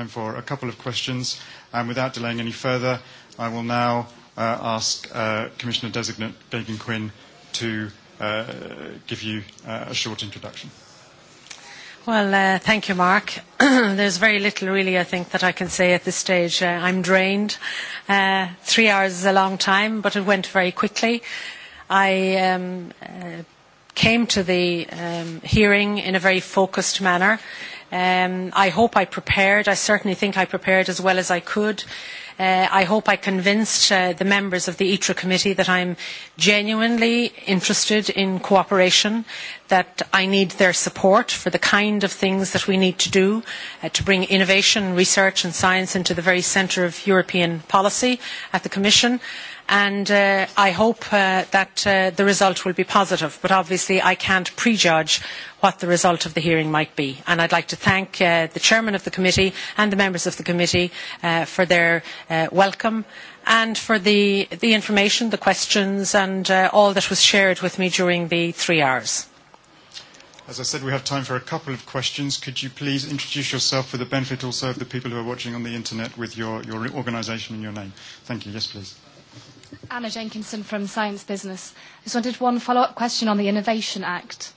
time for a couple of questions. And without delaying any further, I will now uh, ask uh, Commissioner Designate Gagan Quinn to uh, give you uh, a short introduction. Well, uh, thank you, Mark. There's very little, really, I think, that I can say at this stage. Uh, I'm drained. Uh, three hours is a long time, but it went very quickly. I um, uh, came to the um, hearing in a very focused manner. Um, I hope I prepared. I certainly think I prepared as well as I could. Uh, I hope I convinced uh, the members of the ITRA committee that I'm genuinely interested in cooperation, that I need their support for the kind of things that we need to do uh, to bring innovation, research and science into the very centre of European policy at the Commission. Uh, and I hope that the result will be positive. But obviously, I can't prejudge what the result of the hearing might be. And I'd like to thank the chairman of the committee and the members of the committee for their welcome and for the, information, the questions, and all that was shared with me during the three hours. As I said, we have time for a couple of questions. Could you please introduce yourself for the benefit also of the people who are watching on the internet with your, your organisation and your name? Thank you. Yes, please. Anna Jenkinson from Science Business. I just wanted one follow-up question on the Innovation Act.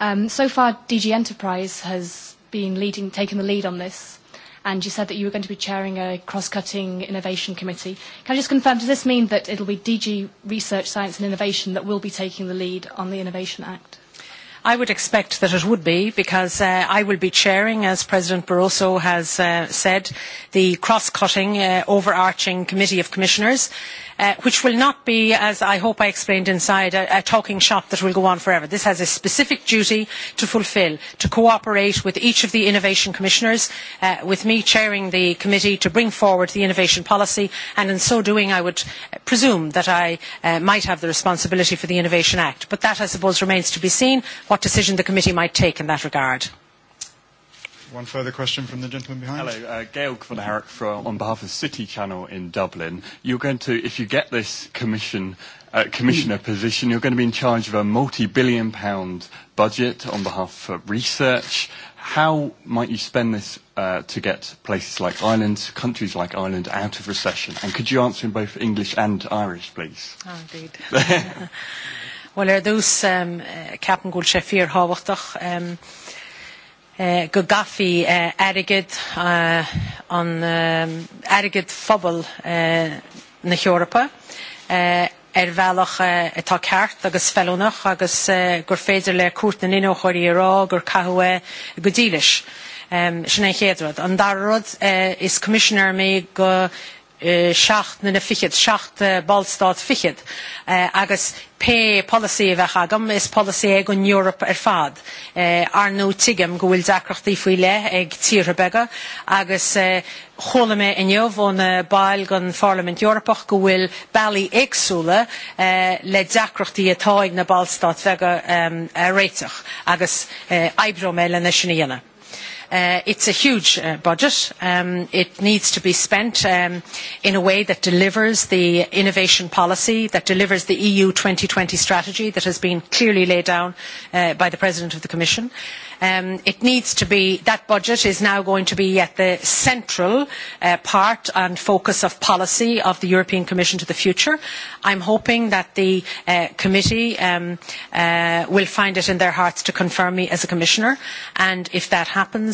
Um, so far, DG Enterprise has been leading, taking the lead on this, and you said that you were going to be chairing a cross-cutting innovation committee. Can I just confirm, does this mean that it'll be DG Research, Science and Innovation that will be taking the lead on the Innovation Act? I would expect that it would be because I will be chairing, as President Barroso has said, the cross-cutting overarching committee of commissioners which will not be, as I hope I explained inside, a, talking shop that will go on forever. This has a specific duty to fulfil, to cooperate with each of the innovation commissioners, with me chairing the committee to bring forward the innovation policy, and in so doing I would presume that I might have the responsibility for the Innovation Act. But that, I suppose, remains to be seen, what decision the committee might take in that regard. One further question from the gentleman behind. Hello, uh, Gail Kvonarek from, on behalf of City Channel in Dublin. You're going to, if you get this commission uh, commissioner position, you're going to be in charge of a multi-billion pound budget on behalf of research. How might you spend this uh, to get places like Ireland, countries like Ireland, out of recession? And could you answer in both English and Irish, please? Oh, indeed. well, are those um, uh, Captain Gould Shafir um, Gaddafi uh, on um, phobl uh, na Europa uh, er bhealach uh, atá ceart agus felúnach agus uh, gur féidir le cuat na inó choirí rá gur cahua go dílis um, sinna chéadrad. An darrod uh, is commissioner mé go seach na na fichiid seach ballstad fichiid agus pe policy bheith agam is policy ag an Europe ar fad ar nó tigam go bhfuil dacrochtaí faoi le ag tíre bega agus chola mé inniu bhón bail gan Parliament Europach go bhfuil bailí éagsúla le dacrochtaí atáid na ballstad a réiteach agus ebro mé le na sinna dhéanana. It it's a huge uh, budget. Um, it needs to be spent um, in a way that delivers the innovation policy, that delivers the EU 2020 strategy that has been clearly laid down uh, by the President of the Commission. Um, it needs to be, that budget is now going to be at the central uh, part and focus of policy of the European Commission to the future. I'm hoping that the uh, committee um, uh, will find it in their hearts to confirm me as a commissioner and if that happens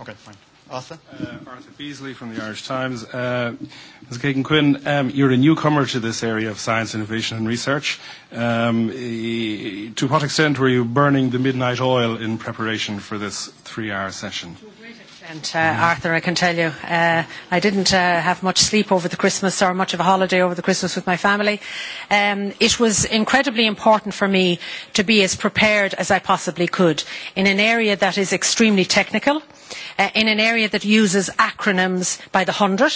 Okay, fine. Arthur? Uh, Arthur Beasley from the Irish Times. Uh, Ms. Kagan Quinn, um, you're a newcomer to this area of science, innovation, and research. Um, to what extent were you burning the midnight oil in preparation for this three hour session? To a great extent. And uh, Arthur, I can tell you, uh, I didn't uh, have much sleep over the Christmas or much of a holiday over the Christmas with my family. Um, it was incredibly important for me to be as prepared as I possibly could in an area that is extremely technical, uh, in an area that uses acronyms by the hundred,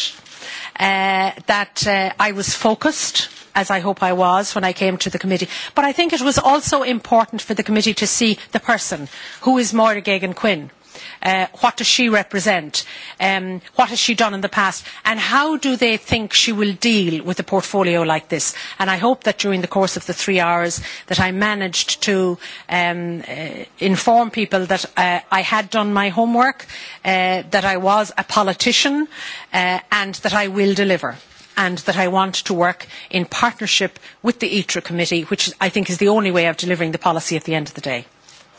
uh, that uh, I was focused as I hope I was when I came to the committee. But I think it was also important for the committee to see the person who is Moira Gagan Quinn what does she represent? what has she done in the past? And how do they think she will deal with a portfolio like this? I hope that during the course of the three hours that I managed to inform people that I had done my homework, that I was a politician, and that I will deliver and that I want to work in partnership with the ITRA committee, which I think is the only way of delivering the policy at the end of the day.